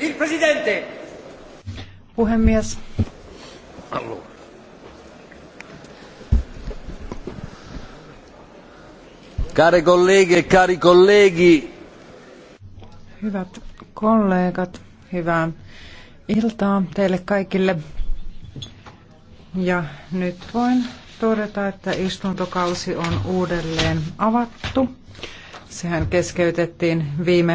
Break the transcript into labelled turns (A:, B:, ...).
A: Il presidente.
B: Puhemies.
C: Allora. Care colleghe, e cari colleghi.
D: Hyvät kollegat, hyvää iltaa teille kaikille. Ja nyt voin
E: todeta, että istuntokausi on uudelleen avattu. Sehän keskeytettiin viime